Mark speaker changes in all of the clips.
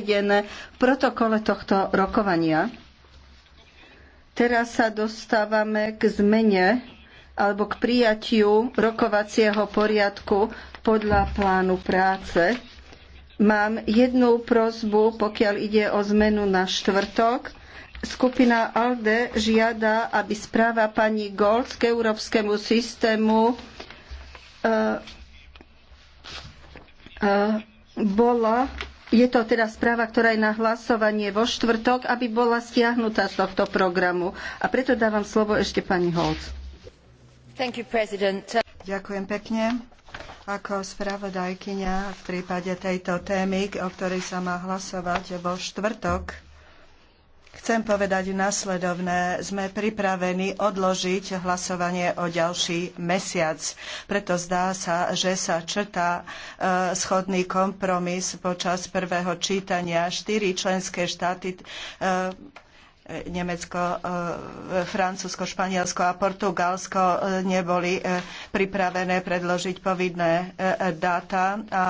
Speaker 1: uvedené v protokole tohto rokovania. Teraz sa dostávame k zmene alebo k prijatiu rokovacieho poriadku podľa plánu práce. Mám jednu prozbu, pokiaľ ide o zmenu na štvrtok. Skupina ALDE žiada, aby správa pani Golds k európskemu systému eh, eh, bola je to teda správa, ktorá je na hlasovanie vo štvrtok, aby bola stiahnutá z tohto programu. A preto dávam slovo ešte pani Holc.
Speaker 2: Ďakujem pekne. Ako spravodajkyňa v prípade tejto témy, o ktorej sa má hlasovať vo štvrtok, Chcem povedať nasledovné. Sme pripravení odložiť hlasovanie o ďalší mesiac. Preto zdá sa, že sa črtá e, schodný kompromis počas prvého čítania. Štyri členské štáty e, Nemecko, e, Francúzsko, Španielsko a Portugalsko e, neboli e, pripravené predložiť povinné dáta. A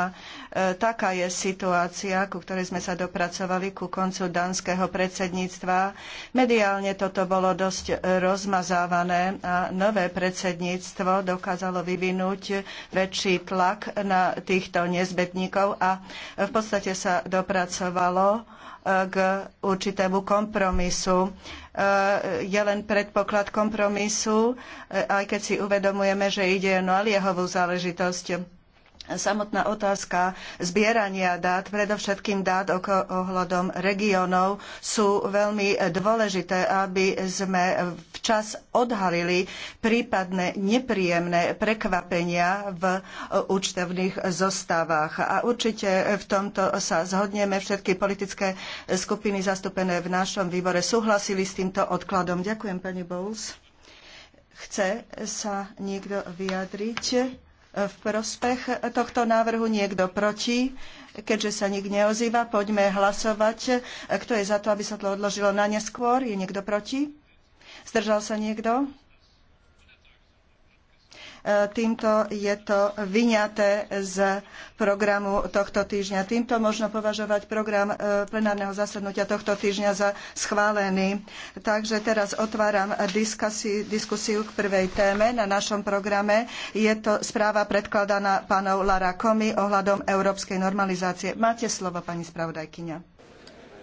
Speaker 2: taká je situácia, ku ktorej sme sa dopracovali ku koncu danského predsedníctva. Mediálne toto bolo dosť rozmazávané a nové predsedníctvo dokázalo vyvinúť väčší tlak na týchto nezbetníkov a v podstate sa dopracovalo k určitému kompromisu kompromisu. E, je len predpoklad kompromisu, e, aj keď si uvedomujeme, že ide o naliehovú záležitosť samotná otázka zbierania dát, predovšetkým dát ohľadom regiónov, sú veľmi dôležité, aby sme v včas odhalili prípadné nepríjemné prekvapenia v e, účtovných zostavách. A určite v tomto sa zhodneme. Všetky politické skupiny zastúpené v našom výbore súhlasili s týmto odkladom. Ďakujem, pani Bowles. Chce sa niekto vyjadriť v prospech tohto návrhu, niekto proti? Keďže sa nik neozýva, poďme hlasovať. Kto je za to, aby sa to odložilo na neskôr? Je niekto proti? Zdržal sa niekto? E, týmto je to vyňaté z programu tohto týždňa. Týmto možno považovať program e, plenárneho zasadnutia tohto týždňa za schválený. Takže teraz otváram diskusiu k prvej téme na našom programe. Je to správa predkladaná pánov Lara Komi ohľadom európskej normalizácie. Máte slovo, pani spravodajkyňa.